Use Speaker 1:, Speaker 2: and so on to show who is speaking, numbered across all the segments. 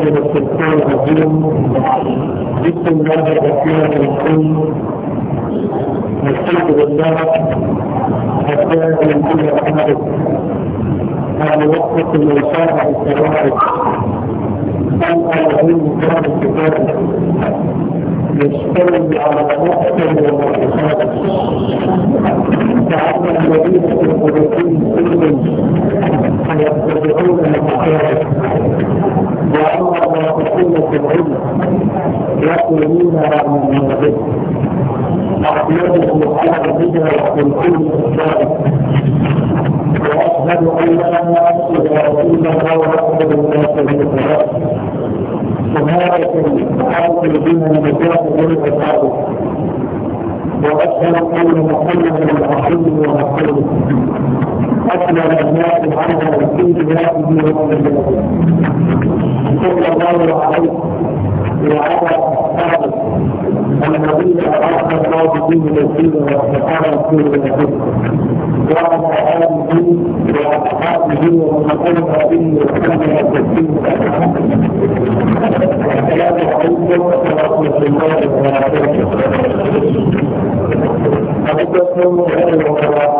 Speaker 1: من السلطان العظيم بسم الله الرحمن الرحيم الحمد لله الداعي من كل حارس الموفق من شارع الشرائع العظيم كان كتابه يشتغل على أكثر المؤسسات تعالى الذين في القلوبين كلهم فيتبعون المحارم وأما ما تكون في العلم يقولون رغم المغرب أحمده على الهجرة من كل إسلام وأشهد أن لا إله إلا الله وحده لا شريك له شهادة آتي بها النجاة من عباده وأشهد أن محمدا عبده ورسوله حتى لا نتناسب عنها وكل بلاد رب صلى الله عليه وعلى اصحابه الذين اراك الله بهم نزيلا وسبحان رسول الله وعلى اله واصحابه ومن اتبع به وسلم تسليما السلام عليكم ورحمه الله وبركاته. أحبكم وأهلا وسهلا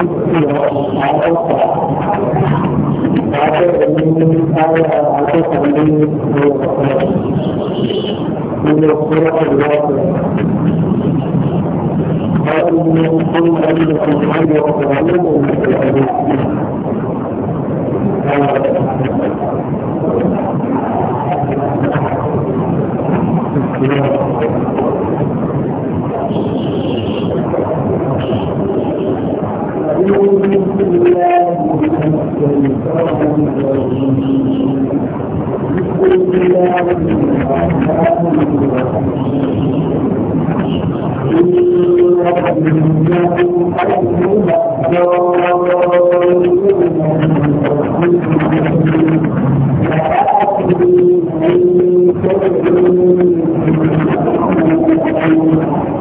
Speaker 1: من الصورة الواقعة قال من كل أجل سبحانه وتعالى ومن
Speaker 2: الأجل
Speaker 1: الله الشيطان الرجيم بسم الله الرحمن الرحيم Thank you.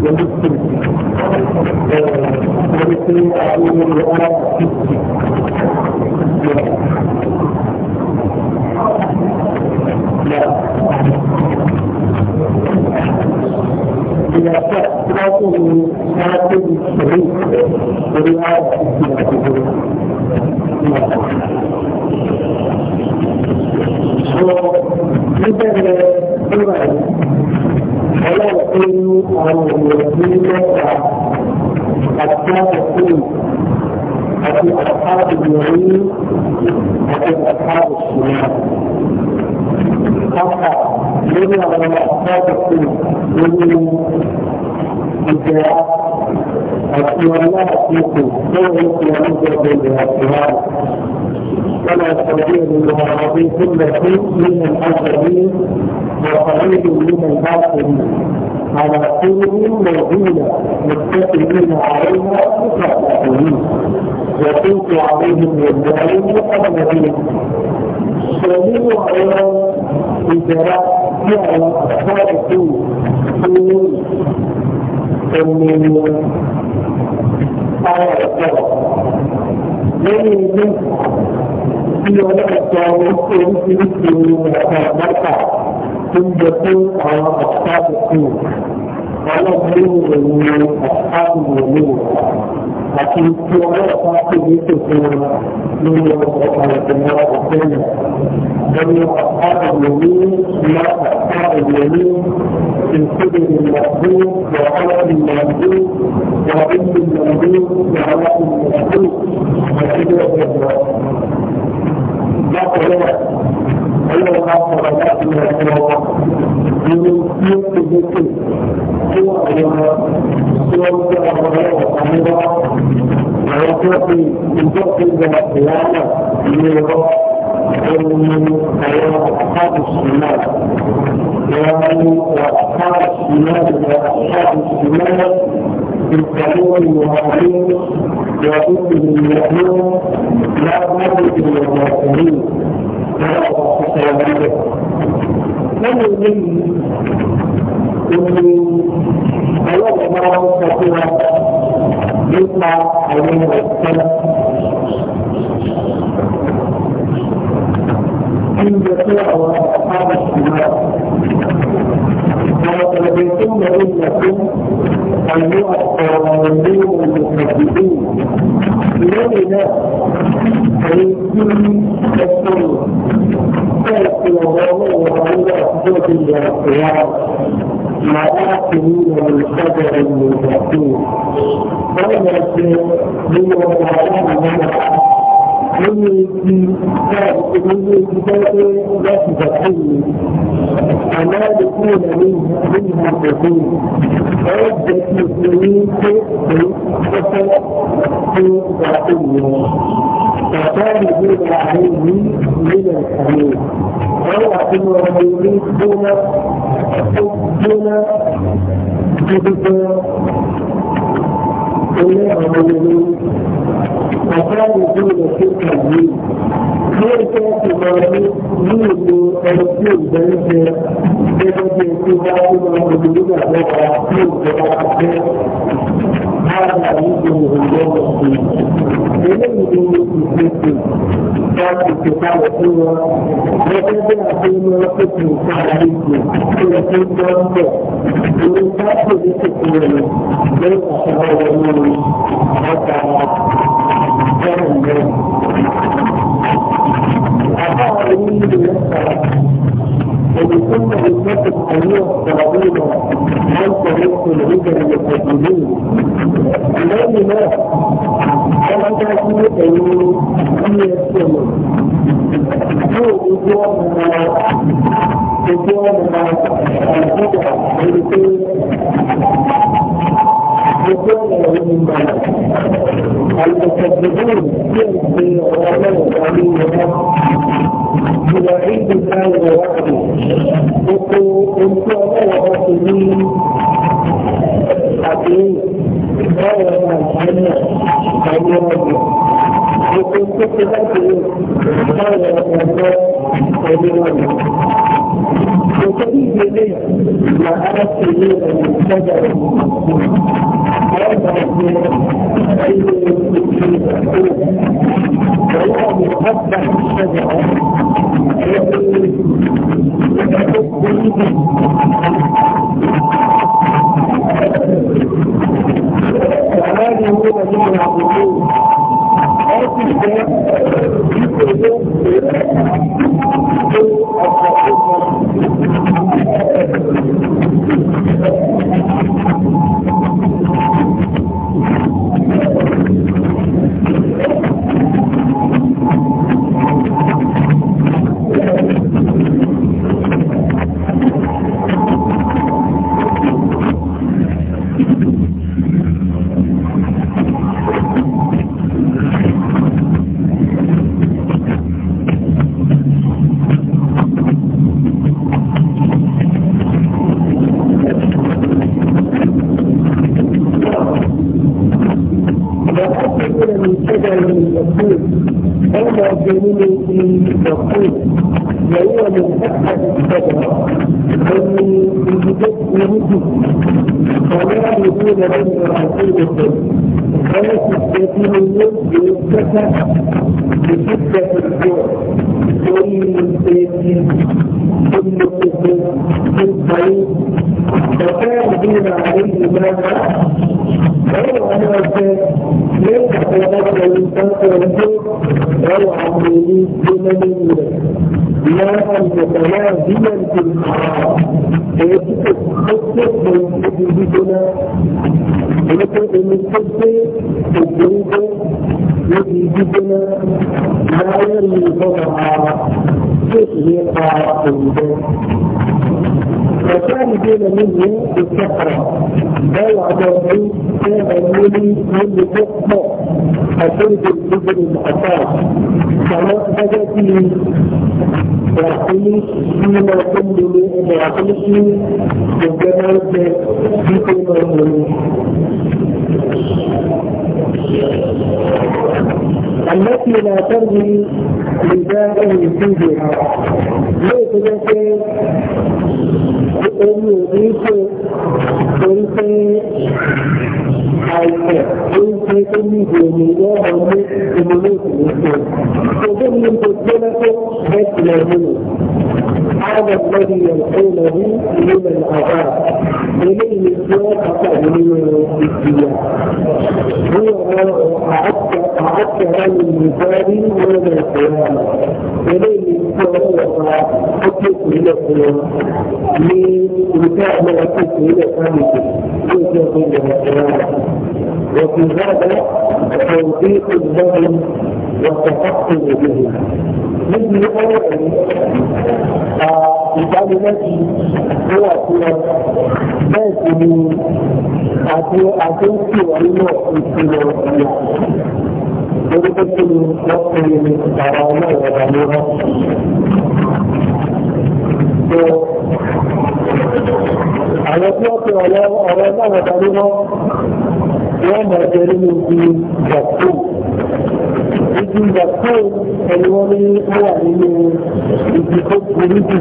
Speaker 1: ومسلم ومسلم أعلم
Speaker 2: الرؤى لا
Speaker 1: إذا فأخذته كاتب الشريف ورعاية
Speaker 2: الشريف
Speaker 1: So, look at the ولا يكون أن يكون حتى تكون وفي أصحاب اليمين وفي أصحاب الشمال حتى من على أصحاب السنة من الجهات أسمى الله فيكم لا يمكن أن يجب أن ولا تبديل المعارضين كل شيء من الحسنين وقليل من الباطلين على قلوب موجودة متكئين عليها متكئين وكنت عليهم يدعون قبل ذلك
Speaker 2: شهيد أيضا
Speaker 1: إجراء فعل أصحاب الدين من آية الكرم لن tí ọlọ́ọ̀tọ́ oríṣiríṣi ọ̀pọ̀ àgbàkà tó ń jẹ fún àwọn àṣàbò kù ọlọ́ọ̀dúnrún ìròyìn àṣàbò ìròyìn àti tí ọlọ́ọ̀tọ́ tó ní tòkó lórí ọ̀pọ̀ àgbàkà ọ̀gbẹ́ni ẹni àṣàbò ìròyìn ìlà àṣàbò ìròyìn ìṣèlú ìlàgbó wàhálà ìlàgbó wàhálà ìlàgbó wàhálà ìlàgbó àti bẹ́ẹ̀ bẹ́ẹ̀ lọ bákan náà ọlọ́run bá sọ̀rọ̀ láti rẹ̀ fún ọwọ́ nínú tí ó ti gbé pè tí wọ́n rí ọmọ tí wọ́n ń tẹ́ ọmọ náà àmúwá àwọn tó ti ìjọ tó ń bẹ̀rẹ̀ ìlànà ìlú ẹ̀rọ ẹni àwọn àkáàbù sùnà ìlànà àkáàbù sùnà ìlànà àkáàbù sùnà بالتقوى المعروفين وكتب المؤمنين لا بد من المعصومين من يؤمن أني أيضا مرة كثيرة يطلع عليه السلف إن جسر أصحاب الشمال وتكون إنكم المؤمنون المحبون لنا فيكون تكون تأكل الله وعلى أحدود الأخيار لآكلون من شجر من زيتون قال من الله nínú ibi náà nínú ibi tẹ́tẹ́ láti bàtí mi. Àmọ́ àdókù ìlànà nínú àbẹ̀kù ẹ jẹ́ kí o ní pé èyí tẹ́tẹ́ tó bàtí mi wọn. Bàbá mi ní ìlà àárín mi nílẹ̀ ìkànnì. Wọ́n wà nínú ọmọ ilé gbóná tó gbóná gidi gan-an. Ilé ọmọ ilé àbáyé bí mo ṣe kà yìí ní ẹgbẹ́ ti lọ ní ní ìlú ẹni tí ò jẹ́ ń jẹ gẹ́gẹ́ bí ẹni bá ń lọ ìlú nígbà mẹ́ta tí ò jẹ́ bá jẹ́ báyà ní ìlú ìlú ọ̀sẹ̀. eléyìí ni ìfèsì láti ṣèkálẹ̀ fún wọn gẹ́gẹ́ bí àti ní ọ̀sẹ̀ tó ń sára ìgbè tí ó ti ń bọ́ ń bọ̀. ìlú sáà kò ní ṣèkúrẹ̀ lẹ́yìn àṣà ọ̀rọ̀ nínú ọjà jẹ́rù jẹ́rù. Àbá òní ìlú sọ̀rọ̀. ويكون بالذات الحقيقية الصلابية عن طريق الهجر للمسلمين. لأن لا كما تعرفون أيوه هي السنة. هو بيجوع بيجوع مع البدع بيجوع مع البدع هل تكذبون بغلو عليهم بوعيد الله ووحده قلت الله وحده حقيقي روى عن عن ربه وكنت تذكر قال الله عن
Speaker 2: ربه وتريد إليه ما أردت إليه من شجر هذا أنه
Speaker 1: ويرى مهبة الشجرة يقول in safety. كل قسم قسمين فكان فيما عليه ماذا روى عن الانسان ليس في نفس الانسان والسوق روى عن يمين بمن لا متلازما في الحرام فيجب التصدق بيجبنا ونقول ان التصدق الجنود يجبنا لا يرمي طبعا بيته يبقى وكان بين مني بالكفرة بيع دوري كان مني من حكمه أشد الإبن الأساس كما بدأتي وعقلي فيما كل من عقلتي وجمعت في كل من التي لا ترمي لبابه فيها ليس ذلك أن يضيف أنت أنت تريد من الله أمنيك الإسلام وضمن تجلك بس لا هذا الذي يلقونه من العذاب إليه سيقطع من الدنيا هو ما أعدت عن المثال يوم القيامة إليه سيقطع حكيت إلى القيامة لمثال ما حكيت إلى القيامة يوم القيامة وفي هذا توفيق لهم والتفقه به مثل أولا ìdánilẹ́bi tó wà sí ọ bẹ́ẹ̀ sì ni àti àtúntì wà nínú ìṣirò ìyá lórí tó kí ni wọ́n fi àwọn ọlọ́run ọ̀dà ní wọn. àwọn tí wọ́n fi ọ̀rọ̀ ọlọ́run ọ̀dà ní wọn wọ́n mọ̀ ẹ́ nínú ibi ìgbà igi ìyàpọ̀ ẹni wọ́n ní ó wà nínú igi tó burú jù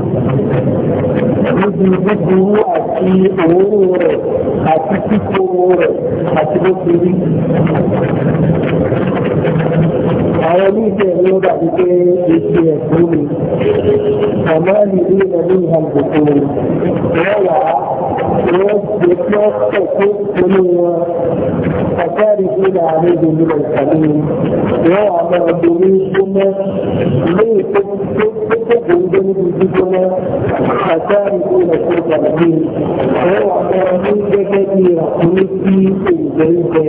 Speaker 1: níbi búburú àti òórùn rẹ̀ àti kíkorò rẹ̀ àti bó ti rí. àwọn oníṣẹ́ ni ó dàbí pé èsì ẹ̀sìn ni àmọ́ ìlú ìlànà ìhàlùkù rẹ̀ wà á. الناس يتوقفوا من فكارثين عليه من الحميم ويعمل بهم ليكم tó gbòǹgbò níbi gbígbóná àtàrí tó lọ sí ọjà ìlú wọn wà máa ní gẹ́gẹ́ bí ìràkúnmí sí òǹgbẹ ń jẹ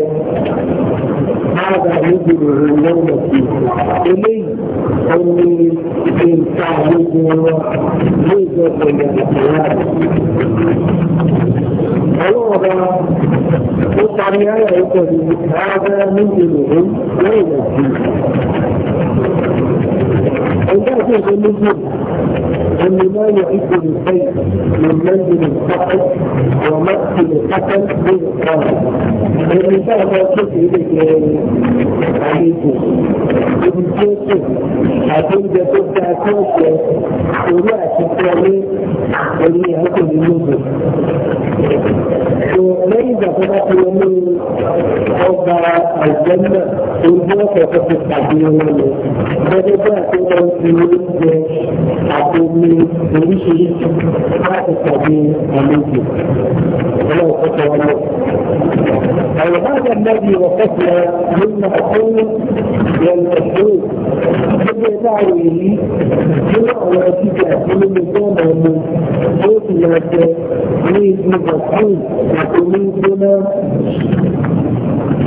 Speaker 1: máàdà níbi ìròyìn lọ́wọ́ sí eléyìí wọn ní ìgbéǹta àlejò wọn ní ìjọba ìyàrá ọlọ́ọ̀dá ó parí ayà ó pẹ̀lú ààbẹ̀ níbi ìròyìn
Speaker 2: lọ́wọ́ sí
Speaker 1: ẹ̀yìn tó ń lójú أن لا يعد لشيء من منزل الفقد ومقتل القتل بالإقرار. الإنسان ما يشوف إليك عليكم. ابن جوزيف عقيدة تبدأ كوكب ولا تستعمل اللي هكذا النزل. وليس فقط يوم أوضع الجنة والموت وقت التعبير. فإذا كنت في الجيش أقوم التابعين ورسل بعد التابعين الممكن ولو فتوى أي هذا الذي وقفنا من مفهوم والمفهوم كما تعويلي هو على كتاب من النظام المنزل صوت الناس من مفهوم ومن هنا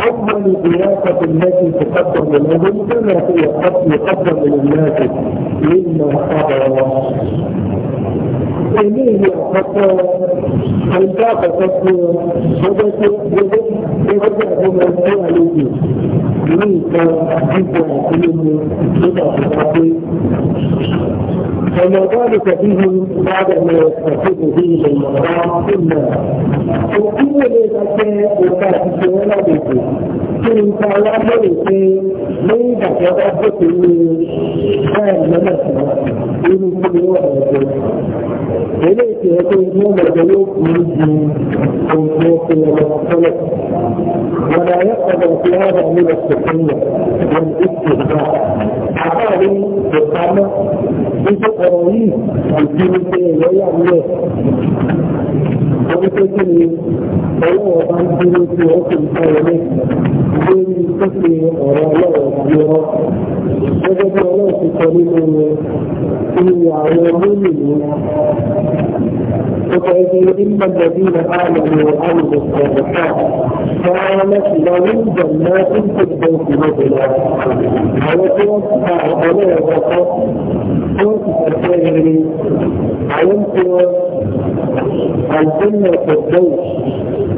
Speaker 1: أول الضيافة التي تقدم لهم كما هي قد يقدم للناس مما حضر إليه حتى أنتاق تكون وبدأ من الأهل منك جدا من بدأ فما ذلك بهم بعد ما يستفيد به للمرأة إلا وكل ذلك وكافي ولا بيتي كنت وعملتي ليس تضبطي كان نفسها إن كل واحد إليك يكون يوم الجنوب من أو يكون يوم ولا يقبل في هذا من السخرية والاستهزاء. أقالي بالطبع ọ̀rọ̀ yìí àti wípé ìrọ́yà nílẹ̀. Wọ́n tó kí ni ọlọ́wọ́ bá ń dúró tí ó kì í sọ ilé lórí pípe ọ̀rọ̀ ọlọ́wọ́ sí ọ. Gẹ́gẹ́ bí ọlọ́wọ́ ti sọ nínú rẹ̀, ìyàwó mímì ni وتأتي إن الذين آمنوا وعملوا الصالحات كانت لهم جنات في البيت نزلا ويتوفى عليها وتتسلم ويمكن الجنة الزوج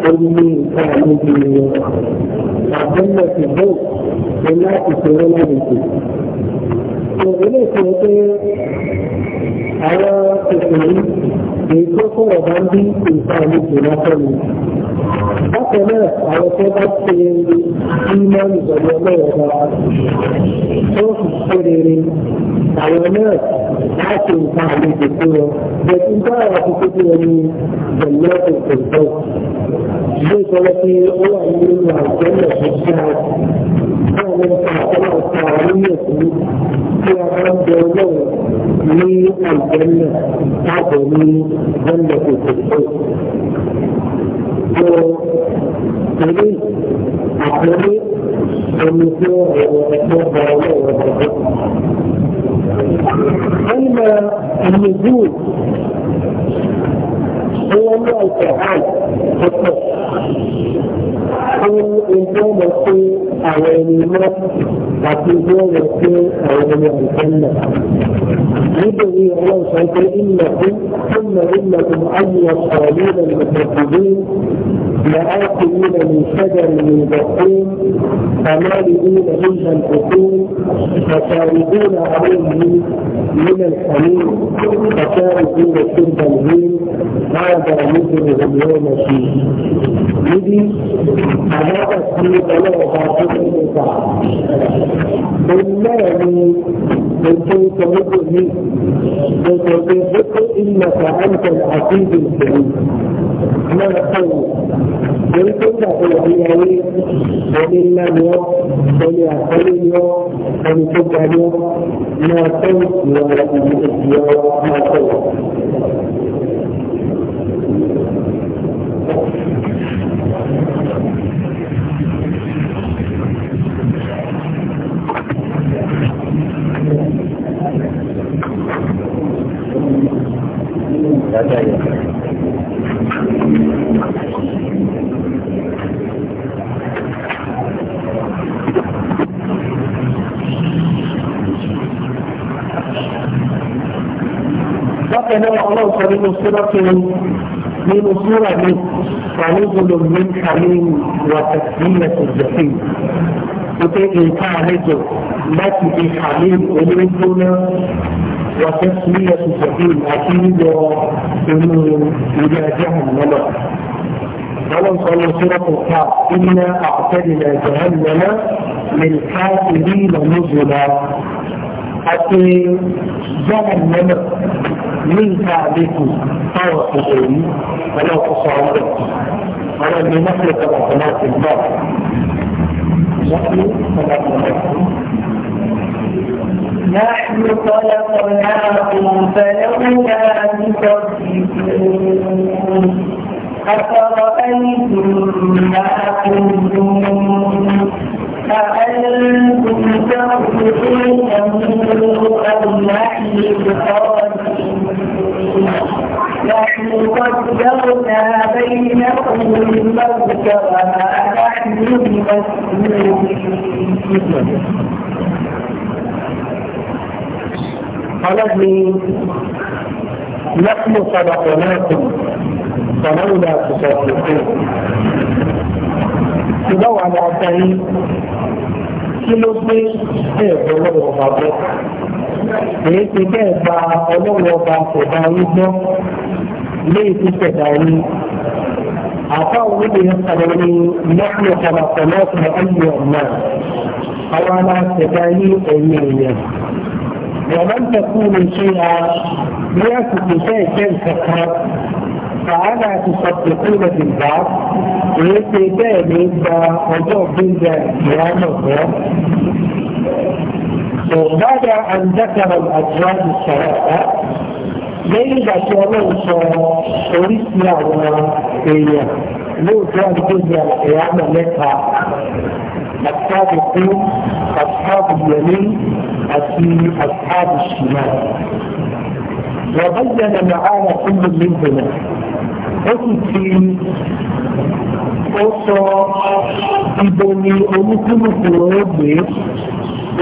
Speaker 1: المين كان من الجنة البيت ولا تسلم منه وإليك على تسليم èyí tó sọ̀rọ̀ bá ń bí nǹkan àmì jùlọ fẹ́mi. Bákan náà, àwọn tó bá ṣe ìmọ̀lù pẹ̀lú ọlọ́run ọba tó sì ṣe rere. Àwọn náà láti nǹkan àmì jùlọ wọn. Bẹ̀tí bá àwọn akókó tí wọ́n ní pẹ̀lú ọ̀sẹ̀ pẹ̀lú. Ilé ìtọ́lọ́pẹ́ ó wà nínú àjọ náà tó dáa ọlọ́run sọ̀rọ̀ ọ̀sán àwọn oníyẹ̀sìn tí a bá ń bẹ ọlọ́run ní àìjẹ́lẹ̀ káàbọ̀ ní jẹ́lẹ̀ òkèkè. Sọ pẹ̀lú àpẹẹrẹ ẹni tí ó rọ̀ ẹ̀kọ́ bá ọlọ́run ọ̀sán. Ẹnìmọ̀ ìyẹ̀dù هو نوع القرآن pé ẹgbẹ́ rẹ̀ pé àwọn ẹni mọ́ àti ẹgbẹ́ rẹ̀ pé àwọn ẹni àìsànnà. Nítorí ọlọ́run sọ pé ìlà tó ثم إنكم أيها الصالين المكذبين لآكلين من شجر من بطين فمالئين منها البطون فشاربون عليه من فكانت من الشرب الهين هذا مثل اليوم فيه يدي علاقة في طلوع باطل الوقاع بالله من كنت مثل من كنت مثله انك انت العقيد الكريم ما قول èyí tó gbà tó wà ní ayé ẹni ńlá ni ọ ẹni àkọlé ni ọ ẹni tó ga ni ọ máa tọ́ ìwà ìwà máa tọ́ wà.
Speaker 2: Gracias.
Speaker 1: بمصيرتهم بمصيرة فنزل من حليم وتسليمة الجحيم وتجي تعرض لك بحليم أمورنا وتسمية الجحيم أكيد إنه يجاجه الملك فلن صلى سورة الكعب إنا أعتدنا جهنم للكافرين نزلا àti jọ́nà mẹ́mọ̀ ní nǹkan àlékù táwọn òṣèlú yìí ọlọ́ọ̀kọ́kọ́ ọ̀rọ̀ ọ̀rọ̀ ní mọ́tò ìjọba ọ̀nà ti gbọ́. نحن خلقناكم فلولا تصدقون أفرأيتم ما كنتم أأنتم تخلقونه أم نحن الخالقون
Speaker 2: نحن قدرنا بينكم الموت وما نحن بمسؤولين
Speaker 1: قالت نحن خلقناكم فلولا تصدقون ṣùgbọ́n wà lọ ọ̀tá yín kí ló gbé ẹ̀rọ lọ́wọ́ ọba bọ́ èyí ti bẹ́ẹ̀ gba ọlọ́wọ́ ọba ṣẹ̀dá yín gbọ́ léyìí ti ṣẹ̀dá yín àfa òwúlò yẹn kàdé ní lọ́kùnrin ọ̀kadà pẹ̀lú ọ̀kùnrin ayé ọ̀nà àwọn aláṣẹ̀dá yín ẹ̀yìn ẹ̀yìn wọ̀n tẹ̀kùn ní ṣe ya bí a sì ti fẹ́ فعلا تصدقون في البعض ويبقى تاني فموضوع بيزا قيامة وبعد أن ذكر الأزواج الثلاثة ليس شرط ورثنا وإياه لو كان جزء القيامة لها السابقين أصحاب اليمين في أصحاب الشمال وبين معانا كل منهما ó sì ti ó sọ ibo ni olúkúlùkù rẹ̀ ó gbé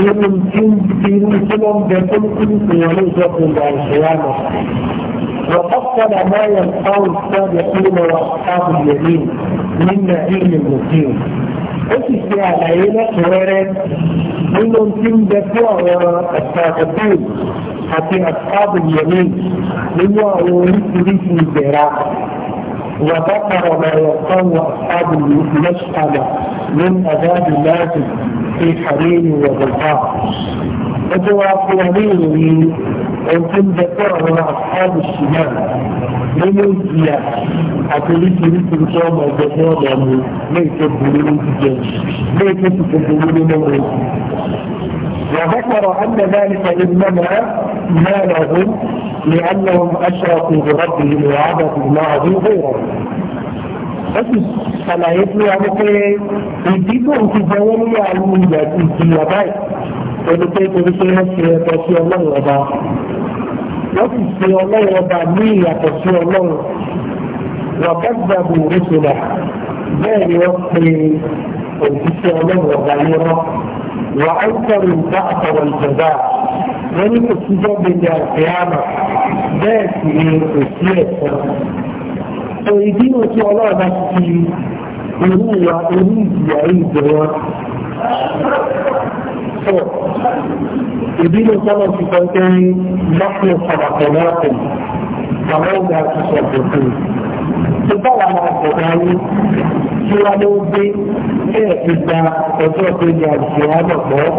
Speaker 1: irú tí ń fi irú tí wọ́n bẹ olúkúlùkù rẹ̀ ló jẹ́ kó gba ìṣòro àná. وفصل ما يلقاه السابقين واصحاب اليمين من نعيم المقيم ó sì ṣe àlàyé lẹ́kùnrẹ́rẹ́ nínú tí ń bẹ fún àwọn àtàkùn àti àtàkùn yẹ̀mí nínú àwọn oríṣiríṣi ìbẹ̀rẹ̀ وذكر ما يقال أصحاب المشهد من أداب اللازم في حرير وبلقاء أدوى قوانين أنتم ذكرنا أصحاب الشمال من àti oríṣiríṣi tó أتريد tí wọ́n máa mú léè tó burú ní jíjẹ léè tó ti burú buru وذكر أن ذلك إنما ما لهم لأنهم أشركوا بربهم وعبدوا الله به غيرهم. فلا يدري أن يديكم في جوانب العلمية في اليابان. ولكن يقولون أن الله ربا. وفي سيولا ربا مية فسيولا وكذبوا رسله. بين وقت وفي سيولا ربا يرى وأنكروا البعث والجزاء. wọ́n ní kò síjọ́ gbèdé àfẹ́yàmà bẹ́ẹ̀ sì ni kò sí ẹ̀kọ́. tó ìdí náà tí ọlọ́run bá ti fi irú ìwà irú ìjìyà yìí jẹ wọn. tó ìdí náà sọ́nà ti sọ pé lọ́pọ̀ sọ̀rọ̀ lọ́pọ̀ àwọn ọ̀gá ti sọ̀rọ̀ pé tó báwa máa sọ̀rọ̀ ayé tí wọ́n ló gbé ẹ̀ẹ́dẹ́gbà ọjọ́ tó yẹ àjẹ́ àgbọ̀gbọ́.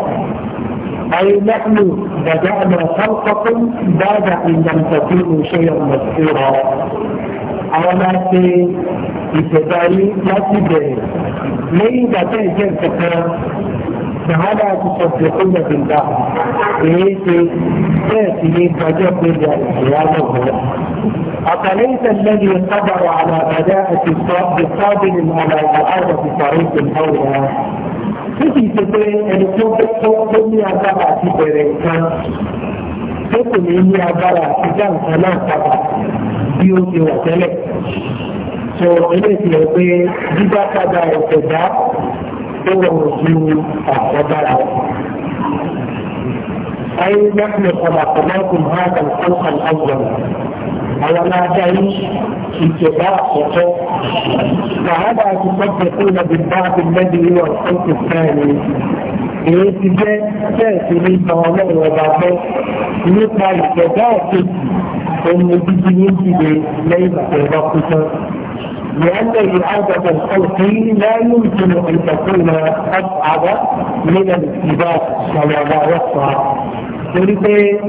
Speaker 1: أي نحن بدأنا خلقكم بعد أن لم تكونوا شيئا مذكورا أو ما في إتباري ما في بيه ليه بتاعي جاء فكرة فهلا تصدقون بالله إيه في تأتي بجاب بالله أفليس الذي قدر على بداية الصواب قابل على إعادة طريق الأولى tí kì í ṣe pé ẹni tó tó ní agbára àti bẹ̀rẹ̀ nǹkan tó kò ní ní agbára àti dá nǹkan náà padà bí ó ti wà tẹ́lẹ̀. sọ eléyìí ti hàn pé dídá padà ẹ̀sẹ̀ dá tó rọrùn ju àkọ́dára. أي نحن خلقناكم هذا الخلق الأول هو ما فيه اتفاق وحق فهذا قد يكون بالبعض الذي هو الخلق الثاني الاتجاه الثالث من طوامير وبعضه يطلع الكفاءة ان تيجي نمشي ليس تضبطه لأن الإرادة الخلقي لا يمكن أن تكون أبعد من الاتباع الصلاة والصلاة ولذلك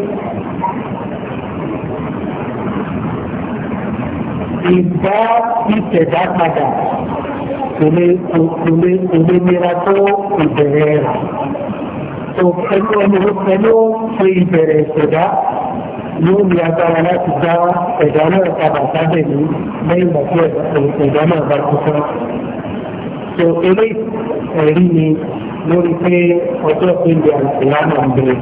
Speaker 1: ìgbà ìtẹ̀dá padà kò lè nira tó ìbẹ̀rẹ̀ rẹ̀. tó pẹ̀lú ẹni pẹ̀lú ṣe ìbẹ̀rẹ̀ ìtẹ̀dá yóò ní agbára láti dá ẹ̀dá náà padà sábẹ̀ ní lẹ́yìn ìgbàtí ẹ̀dá náà bá kú tán. tó eré ẹ̀rí ni lórí pé ọjọ́ ìpínlẹ̀ àìsíwá náà ń bẹ̀rẹ̀.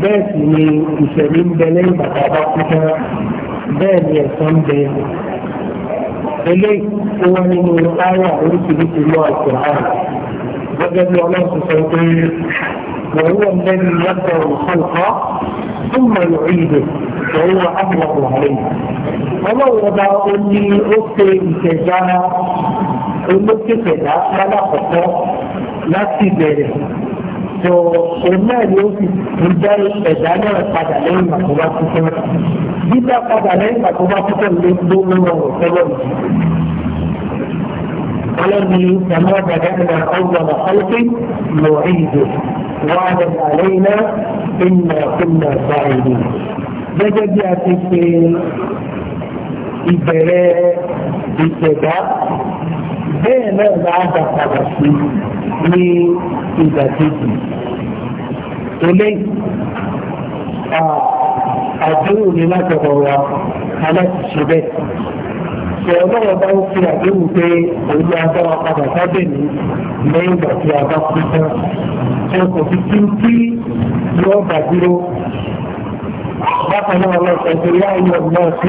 Speaker 1: bẹ́ẹ̀ sì ni ìṣẹ̀lẹ̀ ń bẹ lẹ́yìn bàtà bá kú bẹ́ẹ̀ ni ẹ̀sán bẹ́ẹ̀ ni. eléyìí tó wá nínú ayé oríṣiríṣi lọ àti àárẹ̀ gẹ́gẹ́ bí ọlọ́run sọ pé وهو الذي يبدأ الخلق ثم يعيده وهو أبلغ عليه ọlọ́run ọba ó ní ó ṣe ìṣẹ̀dá olókè ṣẹ̀dá lálákọ̀ọ́kọ́ láti bẹ̀rẹ̀ tó òun náà ni ó fi ń dá ẹ̀dá náà padà lẹ́yìn ìgbà tó bá kú fún un dídá padà lẹ́yìn ìgbà tó bá kú fún un ló ń rọrùn fẹ́lẹ̀ yìí. الذي كما بدأنا أول خلق نعيده وعدا علينا إنا كنا فاعلين gẹ́gẹ́ bí a ti ṣe ìbẹ̀rẹ̀ ìṣẹ̀dá bẹ́ẹ̀ náà máa dà padà sí ní ìgbà kejì. eléyìí àdéhùn ni láti ọ̀rọ̀ wa aláti ṣe bẹ́ẹ̀. Ṣé ọlọ́run bá ń fi àdéhùn pé òun máa bá wa padà sábẹ̀ ní lẹ́yìn ìgbà tí a bá kú tán? Ṣé kò fi kí n tí yóò bà dúró قال الله تعالى يا أيها الناس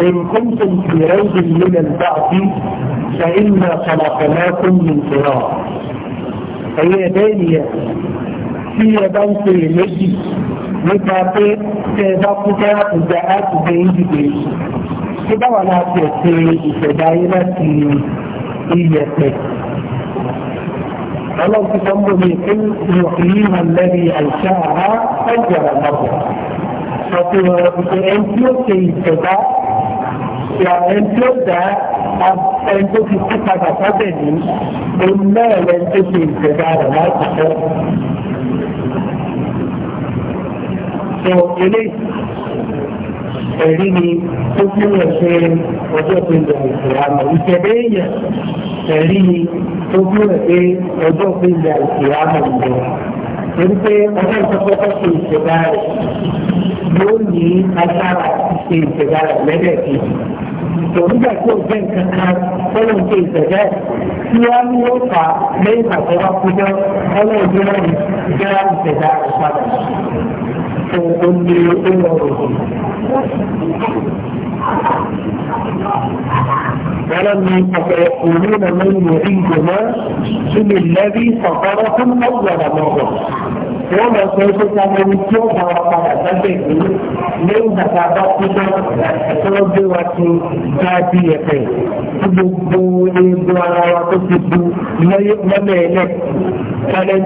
Speaker 1: إن كنتم في ريب من البعث فإنا خلقناكم من تراب فهي دانية في يدان في المجد نتاقي تيضاقك الزعاد بإيدي بيش كده ولا تيضاقي تدائنا في إيدي الله تسمى من الذي أنشاها أجر مرة àfihàn ìpè ẹni que ó ṣe ìjọba ìyá ẹni tí ó dá ẹni tó ti kú padà sábẹ̀ ní òun náà lẹni tó ṣe ìjọba rẹ̀ láti fẹ́. sọ eléyìí ẹ̀rí ni tó fi ń ṣe ọjọ́ tó ń bọ̀ ìṣèlámọ̀ ìṣẹ̀lẹ̀ èèyàn ẹ̀rí ni tó fi ń ṣe ọjọ́ tó ń bọ̀ ìṣèlámọ̀ ìbẹ̀rẹ̀ torí pé ọjọ́ ìṣẹ́fẹ́ yóò ní agbára ṣe ìṣẹ̀dá rẹ̀ lẹ́lẹ́kejì. Tòmígbà tí ó jẹ́ nǹkan kan fọ́lọ́ ń ṣe ìṣẹ̀dá ẹ̀ tí wọ́n ní ó fà lẹ́yìn àtọ́wá kújọ́ ọlọ́run tí wọ́n jẹ́ ìṣẹ̀dá rẹ̀ padà. Tó o ní ó lọ rò ولما فيقولون من يعيدنا إن الذي فطرهم أول مرة وما سيكون من يوم فرقنا تبين لين تتابعنا تربوة ذاتية gbogbo egbò ara wa tó ti bu lọ́mọ ẹ̀lẹ́ kálẹ̀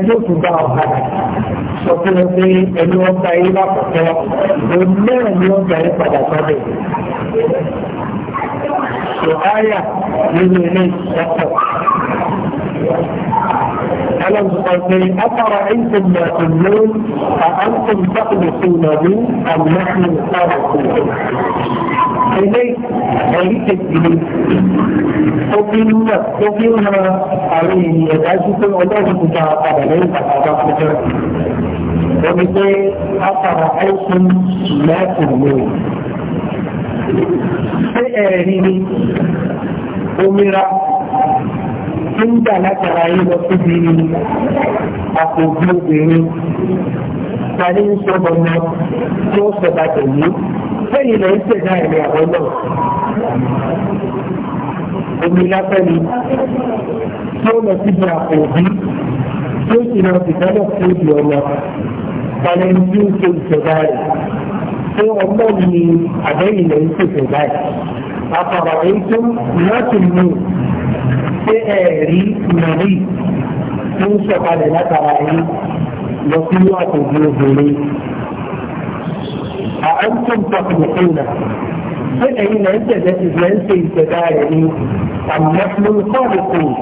Speaker 1: sọ fún mi pé ẹni wọn gba yín lákòókò òun náà ni wọn gba yín padà sọ́dọ̀ sọ áyà nínú ilé ìṣẹ́pọ̀. ألم تقول أفرأيتم ما تمنون أأنتم تخلصونه أم نحن الخالقون إليك أليك الجديد أفلنا أفلنا عليه يتعجب الله تعالى ليس أعطاك ومثل أفرأيتم ما تنمون سأريني أمرأ tí ń gbà látara yín lọ síbi àpòjù obìnrin tàbí ń sọ bọ̀nà tí ó sọ̀bà tẹ̀lé lẹ́yìn ilẹ̀ ń tẹ̀dá ẹ̀rẹ̀ àwọn náà. Omi lápẹ́ ni tí ó lọ síbi àpòjù tí ó sì lọ síbẹ̀lẹ̀ fún ìdí ọmọ tàbí tí ó ṣe ìṣẹ̀dá rẹ̀. Ṣé ọgbọ́n ni àbẹ́yìn ilẹ̀ ń ṣèṣẹ̀dá rẹ̀? Àfàbàwẹ̀ ń tún láti mú pé ẹ̀rí nàrí tó ń sọ̀kalẹ̀ látara yìí lọ sí ní àtòjú obìnrin. أأنتم تخلقونه فإن أنت ذات الجنس الجداري أم نحن الخالقون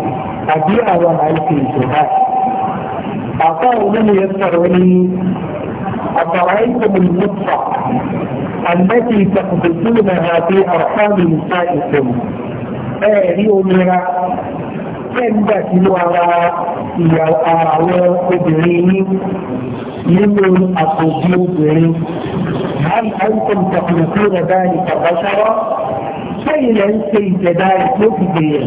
Speaker 1: أبيع وأنت الجهاد أعطاه من يسرني أفرأيتم النطفة التي تقبضونها في أرحام نسائكم أي أميرة tẹ́ ń dà sínú ara àwọn obìnrin yìí nínú àpòjì obìnrin hàn àìsàn tàbí rẹ̀dá ìtàbáṣáwá ṣé ilẹ̀ ń ṣe ìjẹ̀dá ìpókìdè yẹn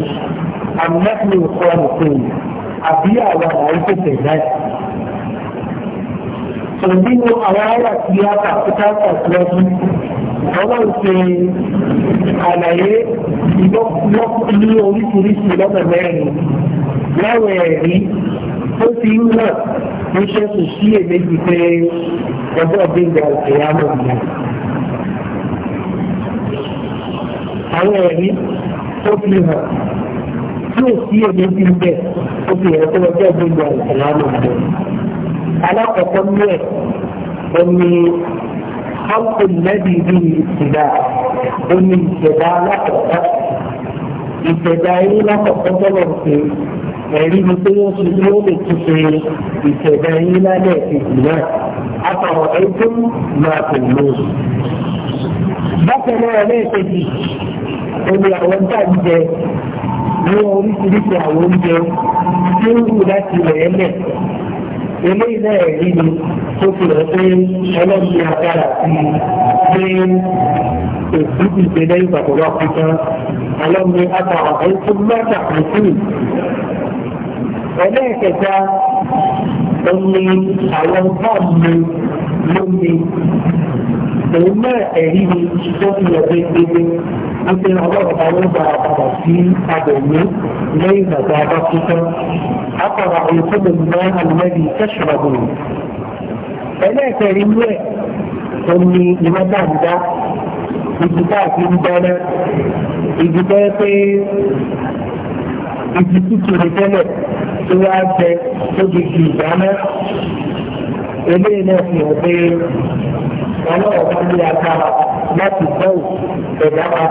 Speaker 1: àmì mẹ́fìlì ìkọ́ ọ̀rọ̀ àbí àwọn àìsàn tẹ̀dáì tó nínú àwọn ará tí a kà fúta pàtàkì ọlọ́run ṣe àlàyé ní oríṣiríṣi lọ́nà mẹ́rin láwọn ẹ̀rí tó fi ń wà ní ṣẹ́kù sí èméjì pé ọjọ́ gbígbà ìyá náà ni. àwọn ẹ̀rí tó fi hàn tí ò sí èméjì bẹ́ẹ̀ ó fi hàn pé ọjọ́ gbígbà ìyá náà ni alákọ̀ọ́kọ́ ní ẹ̀ omi ọkọ̀ lẹ́bi bí ìṣẹ̀dá omi ìṣẹ̀dá alákọ̀ọ́kọ́ ìṣẹ̀dá yín lákọ̀ọ́kọ́ tọ́lọ̀ ṣe ẹ̀rí ni pé ó ṣe yóò lè tún ṣe ìṣẹ̀dá yín lálẹ́ ìgbì náà àtọ̀rọ̀ ẹ̀dùn máa kò lóòrùn. bákan náà lẹ́ẹ̀kejì omi àwọn tá à ń jẹ ní oríṣiríṣi àwọn oúnjẹ tí ó wù láti rẹ̀ ẹ́lẹ̀ eléyìí náà rí ni tó fi hàn pé ọlọ́run ní agbára sí pé èsì ti ṣe lẹ́yìn ìgbàgbọ́ wá fún tán ọlọ́run ní agbára ọ̀hún tó mẹ́ta kan sí. ẹlẹ́ẹ̀kẹta omi àwọn bọ́ọ̀lù lómi òun náà ni tó fi hàn pé gbogbo wípé ọlọ́run bá wọ́n gba àpapọ̀ sí abẹ̀mí lẹ́yìn ìgbàgbọ́ abá tuntun apàrọ̀ òyìnbó mọ́ àlùmẹ́bí tẹ̀sùrọ̀bù ẹlẹ́ẹ̀kẹrin ní ẹ̀ ó ní ìmọ̀dá ń dá ibi tá a fi ń dáná ibi tó yẹ pé ibi tútù tẹ́lẹ̀ tó wá bẹ tó ìdáná eléyìí náà fi hàn pé ọlọ́run bá ní agbára. láti bẹ́ẹ̀ ẹ̀dá padà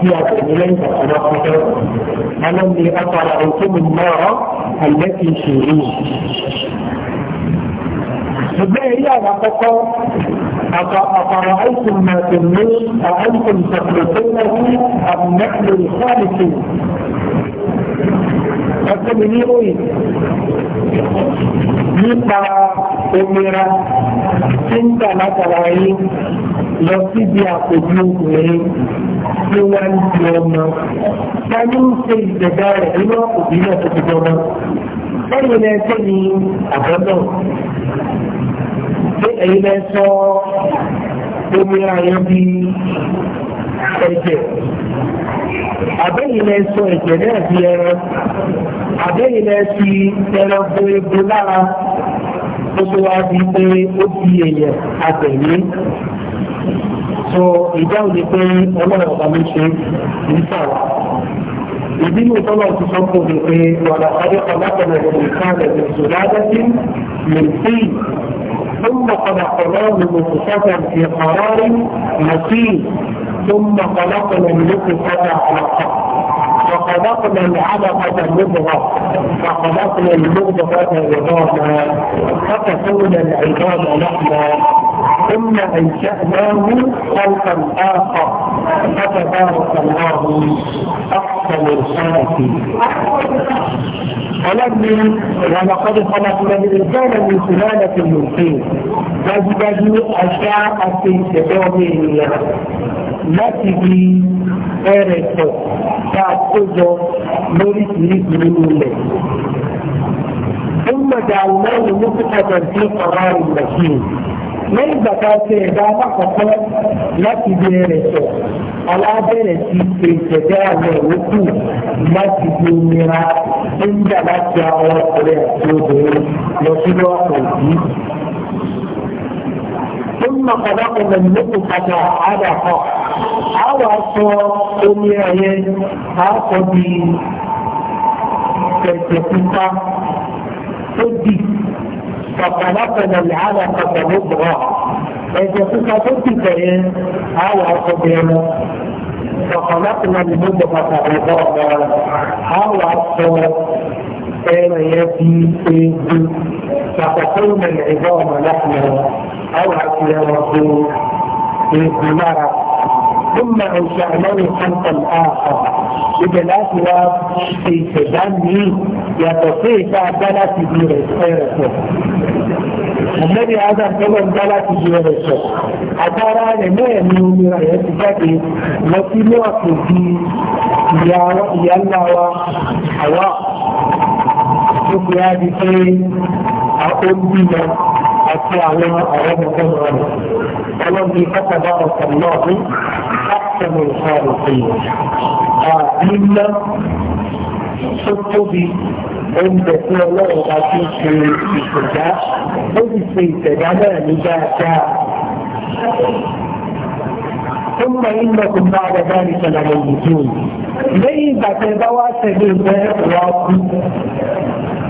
Speaker 1: sí àtẹ̀mí lẹ́yìn ìgbàsọ́nà pípẹ́. Àwọn ni apàdà òkú mi náà àìlẹ́kì ìṣòro. Ṣùgbọ́n èyí àwọn akọ́kọ́ أفرأيتم ما تمنون أأنتم تخلقونه أم نحن الخالقون ẹ̀kọ́ mi ní òyìn nípa òmìnira tí ń dà látara yìí lọ síbi àpòjù obìnrin tí wọ́n ń di ọmọ. Ta ni ń ṣe ìgbẹ̀dá rẹ̀ nínú àpòjù náà tó ti dọ́mọ? Báyìí ni ẹjẹ́ ni àbọ̀dọ̀. Ṣé ẹ̀yin lẹ sọ omi ayọ̀ bí ẹ̀jẹ̀? Àbẹ́yìn lẹ sọ ẹ̀jẹ̀ náà di ẹran. Àbẹ́yìn lẹ fi ẹran bo egbò lára. Gbogbo wa di pé ó di èèyàn àtẹ̀lé. so ìdáhùn ni pé ọlọ́run ọba ló ṣe ń fà wá ìbínú tọ́lọ̀ ti sọ fún mi pé wàlá say ọlápẹ̀lẹ̀ lè kálẹ̀ lè sọ dáadájú lè sí ثم خلقنا من نطفة في قرار مكين ثم خلقنا النطفة علقة فخلقنا العلقة مضغة فخلقنا المضغة عظاما فتكون العظام نحن ثم انشاناه خلقا اخر فتبارك الله احسن الخالقين ولم ولقد خلقنا الانسان من سلاله من طين تزدد اشعه في شبابه نفسه ارث تاخذ مرث رجل من ثم جعلناه نقطه في قرار مكين lẹ́yìn ìgbà tá a ṣe ẹ̀dá alákọ̀ọ́kọ́ láti bẹ̀rẹ̀ rẹ̀ sọ alábẹ̀rẹ̀ ti ìṣẹ̀dá àwọn ìwókù láti di òmìnira tó ń jà láti àwọn ọkùnrin àti obìnrin lọ sínú ọkọ̀ yìí. ثم خلقنا النطفة علقة àwọn aṣọ omi ẹ̀yẹ àápọ̀ bíi tẹ̀tẹ̀ pupa tó dì فخلقنا العلقة مضغة إذا تصدقت كريم أو أصدقنا فخلقنا المضغة عظاما أو أصدقنا كان يدي إيه فتكون العظام لحما أو أصدقنا رسول بمرض ثم أنشأناه خلقا آخر ibẹ̀ láti wá ṣe ìṣẹ̀dá míì yàtọ̀ sí ìta agbá láti ibi rẹ̀ fẹ́ rẹ̀ pọ̀. Àmẹ́bí Adam tọ́lọ̀ ń bá láti ibi rẹ̀ pọ̀. Agbára rẹ̀ náà ni omi rẹ̀ yẹn ti jáde lọ sí ilé ọ̀sẹ̀ di ìyá ńlá wa àwa. Ó fi á di pé ó ń àti àwọn ọ̀rẹ́ mi fẹ́ rẹ̀. Ọlọ́run ní kọ́kọ́ bá ọ̀sẹ̀ náà ní káàkiri ìṣòro sí i. àbílá tó tóbi oúnjẹ tí ọlọ́run bá ti ṣe ìṣẹ̀dá ó sì ṣe ìṣẹ̀dá náà ní ثم إنكم بعد ذلك لميتون ليه بعد بواسة بالباب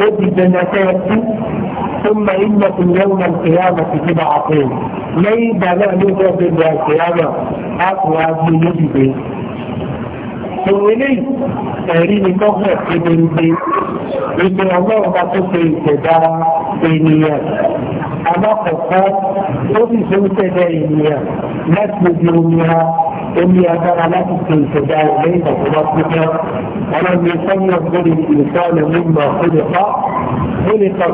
Speaker 1: ودي جنتات ثم إنكم يوم القيامة تبعثون ليه بعد ذلك بالقيامة أقوى من يجب òun eléyìí ẹ̀rí ni gọ́ọ̀mẹ̀ ti ní ibi ibi ọlọ́run bá tó ṣe ìṣẹ̀dá ènìyàn alákọ̀ọ́kọ́ ó sì ṣe ń ṣẹ̀dá ènìyàn láti ibi omira omi agbára láti ṣe ìṣẹ̀dá rẹ̀ lẹ́yìn ìgbà tó bá kú tán ọlọ́run ní ó lè sọ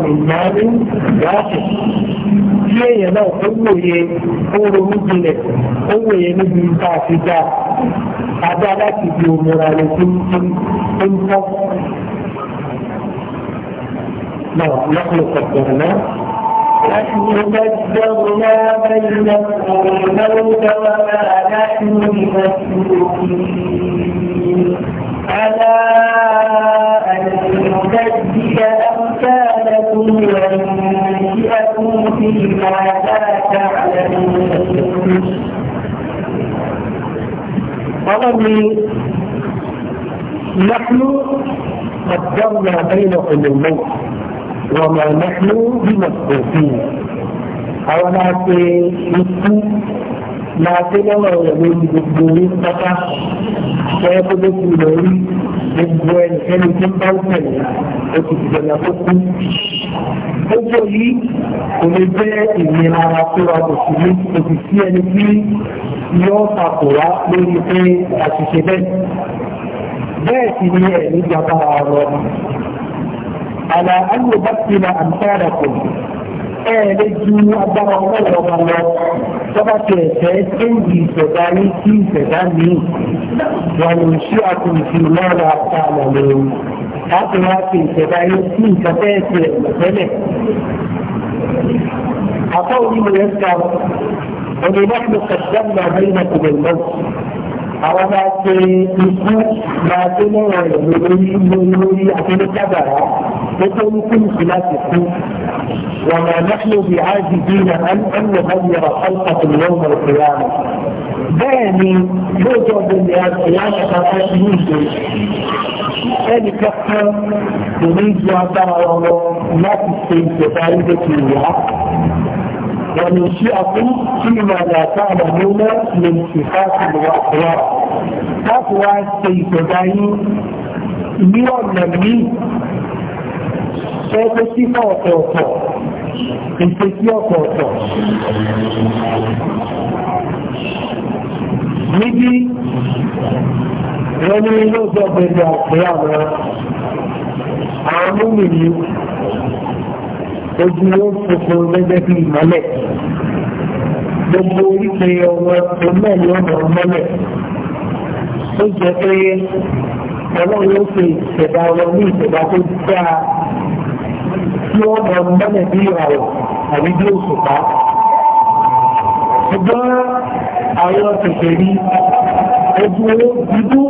Speaker 1: ìyá ajá في di òmìnira rẹ̀ tó ń نحن قدرنا بينهم الموت وما نحن بمسلوكين ألا أن نبدل أمثالكم وننشئكم فيما لا تعلمون قال نحن قدرنا بينكم الموت وما نحن بمسبوقين أولا في مسكين láti lọ́wọ́ rẹ̀ lórí gbogbo bẹ́ẹ̀ tó bó kú lọ rí gbogbo ẹnikẹ́ni tó ń bá ń tẹ̀lé o ti gbẹ̀yà tó kú. Gbogbo yìí kò lè jẹ́ ìnira ara tó wa kò sí ní kò sì sí ẹni tí yóò takò lórí pé àṣìṣe bẹ́ẹ̀. Bẹ́ẹ̀ sì ni ẹ̀mí jàpá ọ̀rọ̀. Àlà ayò bá ti ra àǹtá rẹ̀ kò. Ẹ̀ẹ́dẹ́jú agbára ọlọ́run ọba lọ tọ́ba ti ẹ̀fẹ́ kéńjì ìṣẹ̀dá ní sí ìṣẹ̀dá míì wọn ò sí àtúnṣe lọ́rọ̀ apá àlọ́ láti wá sí ìṣẹ̀dá yóò sí nǹkan bẹ́ẹ̀ ti ẹ̀fẹ́ tẹ́lẹ̀. àtọ́ òní mo yẹ ká ọ̀nà ìlànà kàdánù àbẹ́yìn àti bẹ̀rẹ̀ náà. وما نحن بعاجزين ان ان نغير خلقه يوم القيامه داني يوجد القيامة خلقات يوسف ثاني كفر يريد ان ترى ما في السيف كفايدة وننشئكم فيما لا تعلمون من صفات الأخبار تقوى سيتدعي يوم نبي Ẹgbẹ́ sífà ọ̀tọ̀ọ̀tọ̀, ìfèsí ọ̀tọ̀ọ̀tọ̀. Níbi ẹni ló jọ bẹ̀rẹ̀ àpẹ́ àwọn àwọn mímìlì ojú yóò funfun gẹ́gẹ́ bí ìmọ́lẹ̀ gbogbo oríṣi ọmọ ẹgbẹ́ ni ọmọ ọmọlẹ̀ ó jẹ́ pé ọlọ́run ló ṣe ìṣẹ̀dá wọn ní ìṣẹ̀dá tó dáa tí wọ́n mọ ọmọlẹ̀ bí ìràwọ̀ àbí bí òṣùpá ṣùgbọ́n àwọn tètè rí ojú owó dúdú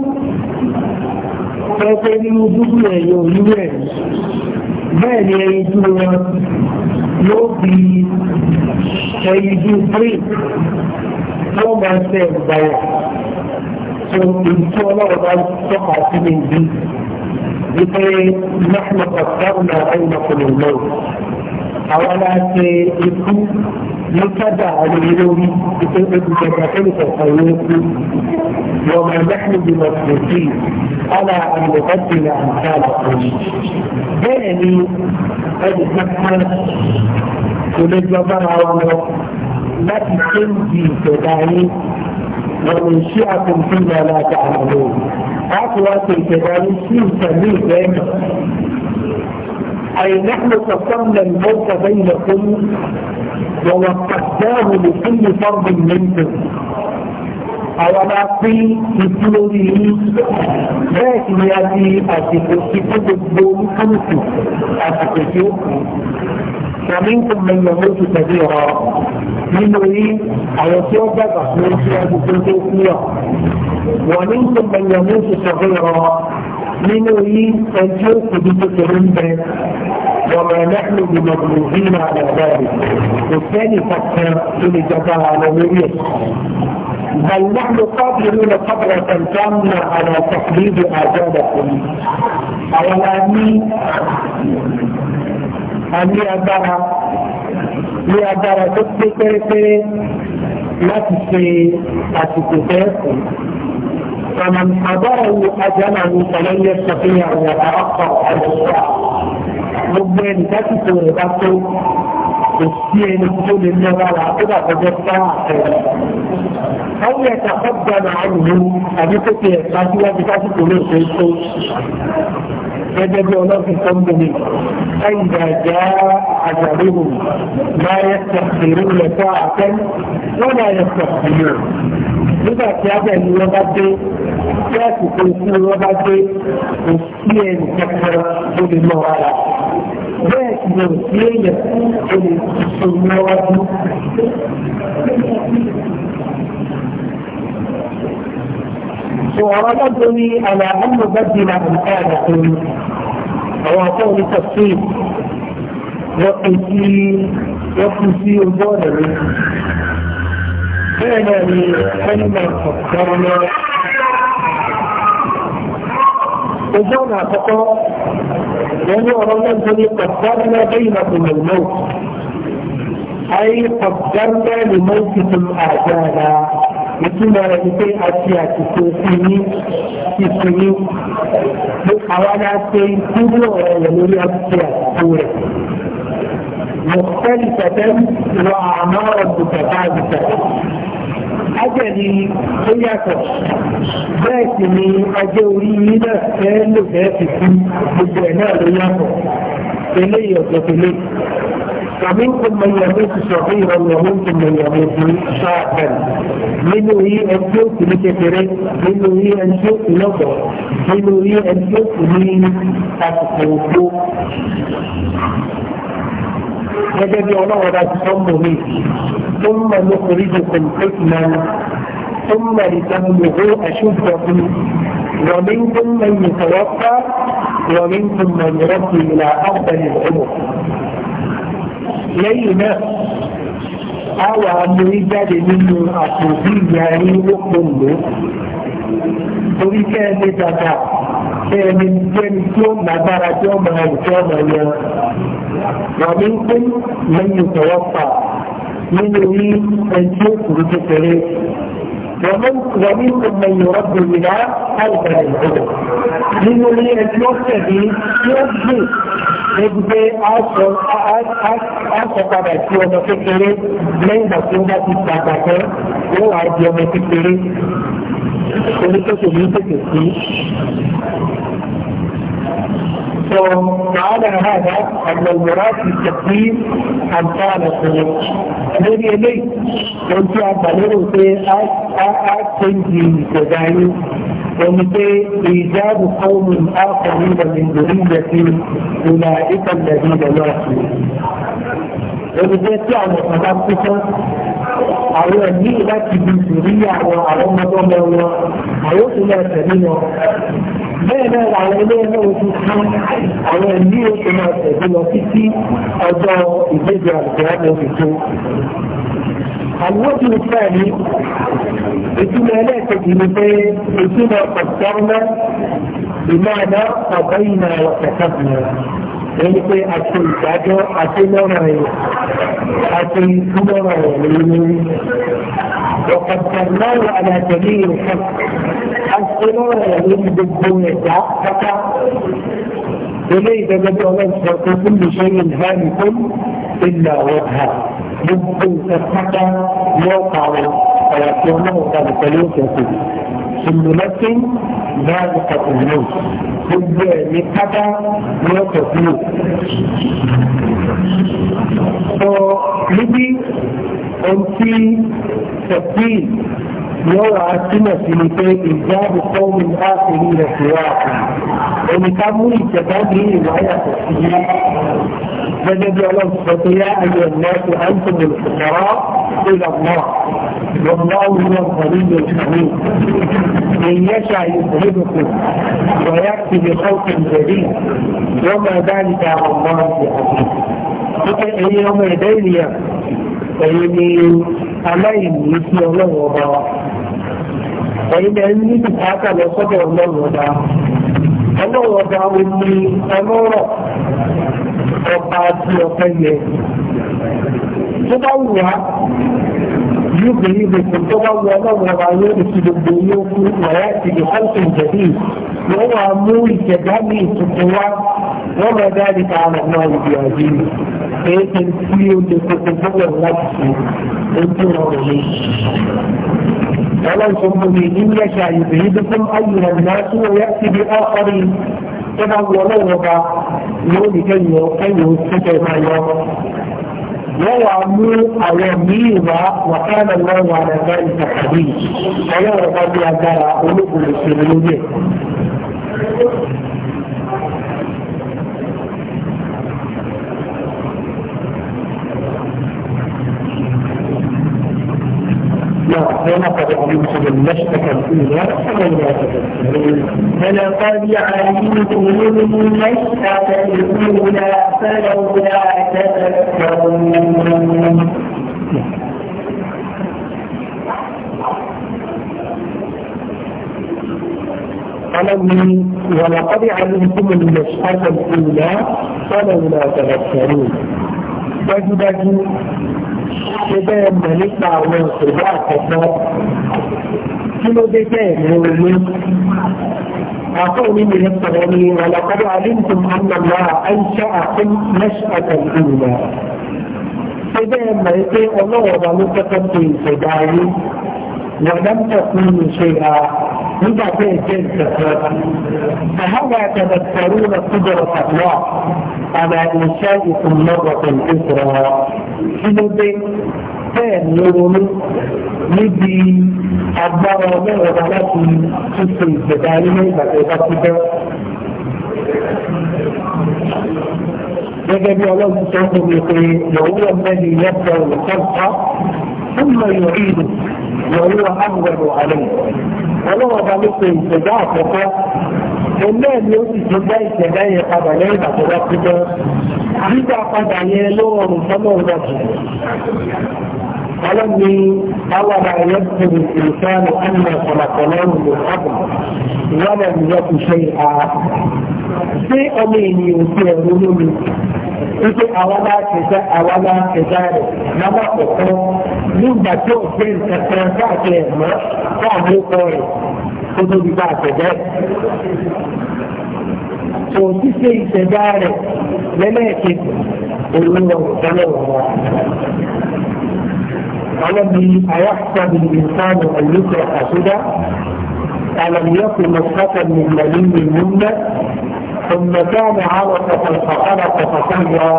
Speaker 1: pẹ́pẹ́ nínú dúdú ẹ̀yọ oníwẹ̀rí bẹ́ẹ̀ ni ẹyin tí wọn yóò fi ẹyin bí fírí wọ́n máa ń fẹ́ ìgbàlá tó èyí tí ọlọ́run bá tọ́ka sí ní ìdí wípé náà lọ́kọ̀ọ́ sáà náà ẹ̀yìn ọkùnrin náà àwọn aláṣẹ ikú ní sábà àwọn olórí tó ń tẹ́tù jẹba kẹ́lùkọ̀ àwọn olórí wọ́n máa lẹ́kùn bí wọ́n kò sí ọ̀la àmìlẹ̀kọ́sì ní àǹtá àlọ́kùn. bẹ́ẹ̀ ni ẹnì kankan kò lè jọ bára wọn lọ láti ṣe ń di ìṣẹ̀dá yín wọ́n lè ṣí àkùnfin lọ́la àti àwọn olórí. a kò wá ṣe ìṣẹ̀dá yín sí ìṣẹ̀lú ìfẹ́ náà. أي نحن قسمنا الموت بينكم ووقفناه لكل فرد منكم أو ما في كتوري لكن يأتي أتكتب الدول كنت أتكتب ومنكم من يموت كبيرا منه أو سيادة من سيادة ومنكم من يموت صغيرا nínú yìí ẹjọ́ òkùnrin kékeré نحن بمبلوغين على ذلك والثاني فكر في الجزاء على مريض بل نحن قادرون قدرة تامة على تحديد آجالكم أولا أني أدرى ní agbára tó pé pérépéré láti فمن أضره أجله فلن يستطيع أن يتأخر عن الساعة gbogbo ẹni láti tó rẹ̀ bá tó kò sí ẹni tó lè lọ́wọ́ wa tó bá kọjá sáà àtẹ̀rẹ̀. àwọn ẹ̀ka ọgbà náà lùú àbí tó ti ẹ̀ka síwájú láti tó lè tó gẹ́gẹ́ bí ọlọ́sìn tó ń bẹ̀rẹ̀ ẹ̀yìnbà jẹ́ àjàríhù máa yẹ sọ̀tìrì lẹ́tọ́ àtẹ́ wọ́n máa yẹ sọ̀tìrì nígbà tí abẹ́ni wọn bá dé tí àsìkò ikú wọn bá dé kò sí ẹnì kankan tó lè lọ ara bẹ́ẹ̀ sì ni òsì èèyàn tó lè sọ níwájú. وأرادت لي على أن نبدل أمثالكم وأعطوني تفصيل وقتي وقتي الظالمين ثاني حينما فكرنا وجمع فقط يعني أرانا أن قدرنا بينكم الموت أي قدرنا لموتكم أعزانا مثل ما رأيتي أشياء تسوسيني تسوسيني بحوالا سيكون ولولي أشياء تسوسيني مختلفة وأعمارا متفاوتة أجلي هي قياسك باسمي أجوري نفسي باسمي بالجنال يقف إلي وتفلي فمنكم من يموت صغيرا ومنكم من يموت شعبا منه هي أن تؤتي لكثيرين منه هي أن نظر منه هي أن تؤتي من أتقوكم gẹ́gẹ́ bí ọlọ́run bá ti sọ mọ̀ mí tó ń mọ̀ lókòrí ju kòmíkòtì náà tó ń mọ̀ ìdánilòwò àṣùjọkùn ومنكم من يتوفى ومنكم من يرد إلى أفضل العمر lẹ́yìn náà a wà lórí jáde nínú àpòbí ìyàrí òpòlò torí kẹ́ẹ̀lé dada kẹ́ẹ̀lé jẹ́ni tí ó lágbára tí ó máa rìn tí ó máa ومنكم من يتوفى من يريد أن يكون كفرين ومن ومنكم من يرد إلى أرض العدو nínú ní ẹni ó tẹ̀lé tí ó gbé ẹgbẹ́ aṣọ́padà sí ọmọ kékeré lẹ́yìn àti ó bá ti dàgbà tẹ́ ó wà di ọmọ kékeré onítọ́sọ̀ ní tètè sí فعلى هذا أن المراد بالتقديم أن قال الخروج الذي إليه قلت أن بلغوا في أكتنجي كذلك ومثل إيجاد قوم آخرين من ذرية أولئك الذين يأتون ومثل تعمل تنفسا àwọn ẹ̀mí láti bí ìrírí àwọn àwọn ọmọdé ọmọ wọn àwọn òṣèlú ẹ̀sẹ̀ nínú bẹ́ẹ̀ náà làwọn ilé ẹ̀rọ ojú sí àwọn ẹ̀mí oṣù máa tẹ̀lé lọ títí ọjọ́ ìgbéjọ àgbẹ̀rẹ̀ oṣù tó. الوجه الثاني إتنا لا تجلبين إتنا قدرنا بمعنى قضينا وكتبنا يعني في أكل كاجو أكل رأي أكل كل رأي وقدرناه على سبيل الحق حسنوا ويمين بالدنيا إليه النبي عليه كل شيء هالك إلا وجهه ممكن تفتح موقع ويكون موقع ثلاثة ثم لكن ذلك النوم gbogbo ẹ̀ ní pátá ní ọ̀tọ̀ kúrò. sọ níbi ohun tí tẹ̀síì في لكي إجاب قوم آخرين سواك ومكامل تتابعي وعيا تحسيني فنبي الله فتيا أيها الناس أنتم الفقراء إلى الله والله هو الغني الحميد من يشاء يذهبكم ويأتي بخلق جديد وما ذلك على الله بحكيم فكأي يوم يديني فيني عليهم يسمى الله وبارك ẹ̀yin bẹ́ẹ̀ ní bùkátà lọ sọ́dọ̀ ọlọ́run ọba ọlọ́run ọba wo ni ọlọ́rọ̀ ọba tí ọpẹ́ yẹ tó bá wù wá yóò bẹ̀rẹ̀ ìbùkún tó bá wù ọlọ́run ọba yóò lè fi gbogbo yóò kú ọ̀rẹ́ àti ìdíkọ́sùn ìjẹ̀bí wọ́n wà mú ìjẹ̀dá ní ìtuntun wá wọ́n máa dáàbí ká àwọn ọmọ ìdí ọ̀dí èyí tí ó lè kókó gbọ́dọ̀ láti ṣe ojú ọ̀rọ̀ ọlọ́run mi ní yẹ́ṣà ìbèyí bí fún ayùrọ̀ náà tí wọ́n yẹ ti di ọ́kọ́rí tó bá wọ ọlọ́run ọba yóò ní kẹ́yìn kẹ́yìn títẹ̀ máa yọ. wọ́n wà mú àwọn míì wá wàkánà lọ́wọ́ ولقد الأولى علمتم المشتكى الأولى فلولا تذكرون ولقد علمتم المشقة الأولى فلولا تذكرون دجدج ṣe bẹ́ẹ̀ mọ̀ nípa àwọn òṣèlú àkọ́kọ́ kí ló أعطوني من الصغيرين ولقد علمتم أن الله أنشأكم نشأة الأولى فإذا ما يطيع الله وظلمتكم في صداعي ولم تكونوا شيئا من بعدين كان فهل يتذكرون قدرة الله على إنشائكم مرة أخرى في كان يوم يدي أكبر ما وضعك في السلسة بعد يجب على الله سبحانه وتعالى لو لم يبدا الخلق ثم يعيد الخلق wọ̀nyí wọn áwùwẹ̀lù àlẹ́ ọlọ́wọ́ bá ló pe ìṣẹ̀dá àkọ́kọ́ ẹlẹ́ ni ó sì tún dá ìṣẹ̀dá yẹn padà lẹ́yìn àkọ́kọ́ tó bẹ́ gbígbà padà yẹn ló rọrùn sọ́nà ọ̀dà jù ọlọ́ni awàdà yẹn ti rí ìṣẹ́ni ẹnìyàn kọ̀lọ̀kọ̀lọ̀ ìlú ọ̀bùn wọ́n lè yẹ kí ṣe ara sí ọmọ ènìyàn sí ẹ̀rọ lómi wípé àwọn bá ṣẹ̀ṣẹ̀ àwọn bá ṣẹ̀ṣẹ̀ rẹ̀ lábàkọ̀kọ́ nígbà tí ò ṣe nǹkan káàkiri ẹ̀ mọ́ káàkiri kọ rẹ̀ tó tóbi bá àtẹ̀jẹ́. Tò ṣíṣe ìṣẹ̀dá rẹ̀ lẹ́lẹ́ẹ̀kejì òun lọ ìtẹ́lẹ̀ wọn. Àwọn bí الإنسان أن يترك سدى ألم يكن mọ̀ṣákà من ìlànà ìlú ثم كان عرفة فخلق فسوى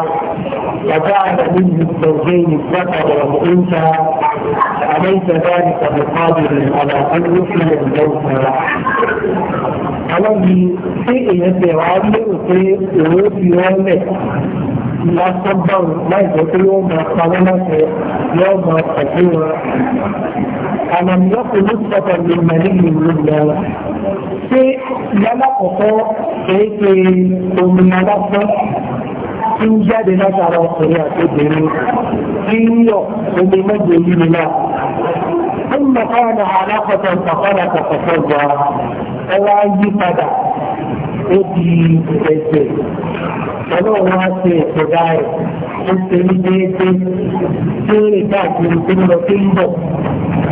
Speaker 1: وجعل منه الزوجين الذكر والانثى اليس ذلك بقادر على ان يحيي الموتى àwọn yìí tí èèyàn tẹ̀ wá lérò pé òun fi wọ́n lẹ̀ lásán báwọn láìpẹ́ pé wọ́n máa pa wọ́n láti yọ́ máa pẹ̀lú wọn. àmàmì ọkùnrin ní sọ́tọ̀ lè mẹ́rin ní ìlú ìlú ṣé yálà kọ̀ọ̀kan kìí ṣe omi alásán tí ń jáde látara ọkùnrin àti obìnrin tí ń yọ omi mẹ́jọ líle náà. ثم كان علاقة فخلق فسوى ẹwà yí padà ó di ẹsẹ̀ ọlọ́run á ṣe ìṣẹ̀dá rẹ̀ ó ṣe ní déédéé tí ó lè káàkiri tó ń bọ̀.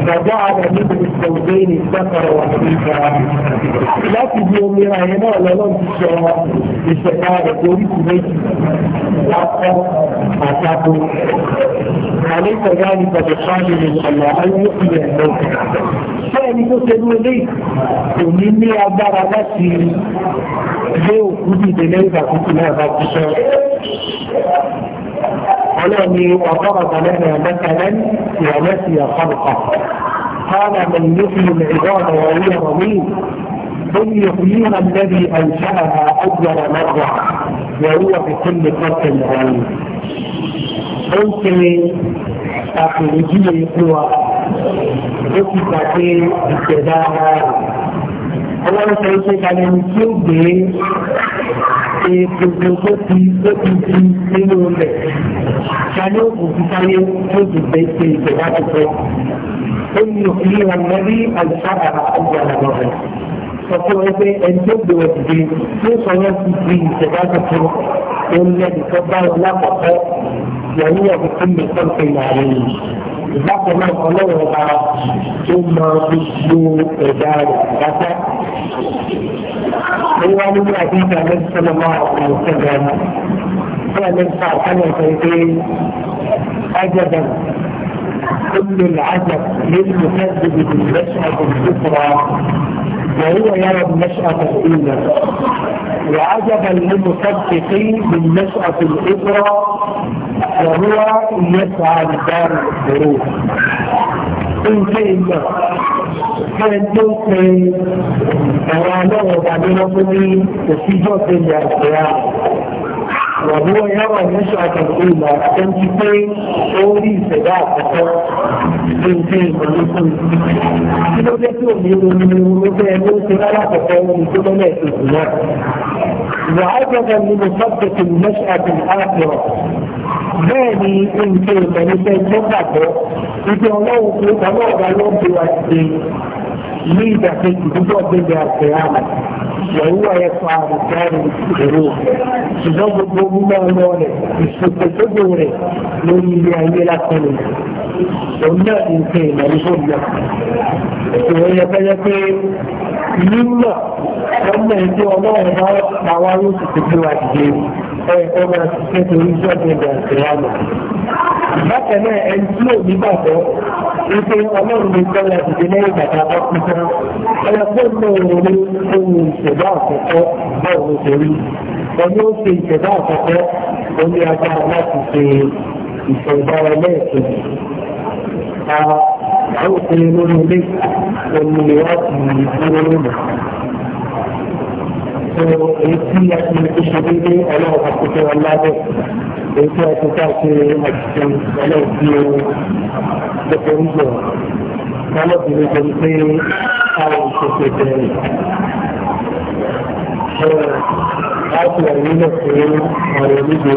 Speaker 1: فجعل مثل الزوجين الذكر والانثى láti di omi ra yẹn náà lọ́lọ́run ti sọ ìṣẹ̀dá rẹ̀ oríṣi méjì akọ àtàkù àlẹ́ ìṣẹ̀dá ni pẹ̀lú sáàlì ní ọ̀nà ayé ìyẹn lọ. bẹ́ẹ̀ ni tó ṣe ní ilé kò ní ní agbára láti gbé òkú dìde lẹ́yìn àkókò náà bá ti sọ. ولاني وضرب لنا مثلا ونسي خلقه قال من يحيي العباد وهي رميم قل يحييها الذي انشاها اول مره وهو بكل خلق عليم قلت اخرجي هو قصه في ابتداء àwọn ọ̀sẹ̀ ìṣe kalẹ̀ ní tí egbogbo tó ti tó ti di nínú rẹ̀ كانوا وكانوا كنت بيت الجواب إن يحييها الذي أنشأها أول مرة فقل إذا أن تبدو وتجي في صلاة الدين تبادل الذي تبدأ لا تقع يعني وهي بكل خلق عليه bákan náà ọlọ́run ọba tó máa fi lo ẹ̀dá rẹ̀ dáadáa. ó wá nínú àdéhùn àlẹ́ sọ́lọ́mọ́ àwọn ọ̀sẹ̀ gan-an. من فرحنا شيئين أجدا كل العجب للمكذب بالنشأة الكبرى وهو يرى النشأة الأولى وعجبا للمصدقين بالنشأة الأخرى وهو يسعى لدار الظروف إن كان كان توقي أرانه وبعدين أقول وفي جوة الأرضيات wàbúwọ̀ yàrá ìmúṣọ àtàkùn ìlà àtẹ́ntí pé ó rí ìṣẹ̀dá àkọ́kọ́ tó ń fi ìpàdé fún un. kí ló dé tí ò ní ronú ló fẹ́ ló ń ṣe rárá àkọ́kọ́ ohun tó lọ́lẹ̀ ètò náà. وعجبا لمثبت النشأة الآخرة bẹ́ẹ̀ni nǹkan ìmọ̀ni fẹ́ tó gbàgbọ́ ibi ọlọ́run tó ọlọ́ọ̀gá ló ń bí wa ní ìdàkejì dúdú ọ̀gbẹ́ni àṣẹ àmà wàhùwà yẹ fa àbùkárì èrò ṣùgbọ́n gbogbo mímọ́ ọmọ rẹ̀ ìṣòkòtògbò rẹ̀ lórí ilé ayé lásán ni òun náà ti ń pè é lọ́dún tó yẹ. ìṣòro yẹ fẹ́ yẹ pé mímọ̀ ọmọ ìdí ọlọ́run bá àwa yóò ti ti gbé wa dìde ẹ̀kọ́ máa ṣiṣẹ́ torí jọ́ọ̀dẹ̀ ìgbà ìṣẹ̀lẹ̀ àná. bákan náà ẹni tí ò ní gbàgbọ́ wípé ọlọ́run ní sọ́wọ́ àtìdé lẹ́yìn bàtà bá kú tán ẹlẹ́gbẹ́ mẹ́rin ní ohun ìṣẹ̀dá àkọ́kọ́ bẹ́ẹ̀ ló ṣe rí ẹni ó ṣe ìṣẹ̀dá àkọ́kọ́ ó ní agbára láti ṣe ìṣẹ̀dá ẹlẹ́ẹ̀kejì àwọn òṣèré lórí ilé omi láti dúró lónìí. Èyí tí a ti ṣe déédéé ọlọ́run àkókò ọlá bẹ́ẹ̀ èyí tí a ti ká ṣe àjùjọ ọlọ́run tí ó lọ́pọ̀ ń bọ̀ lọ́lọ́bìnrin tó ń pé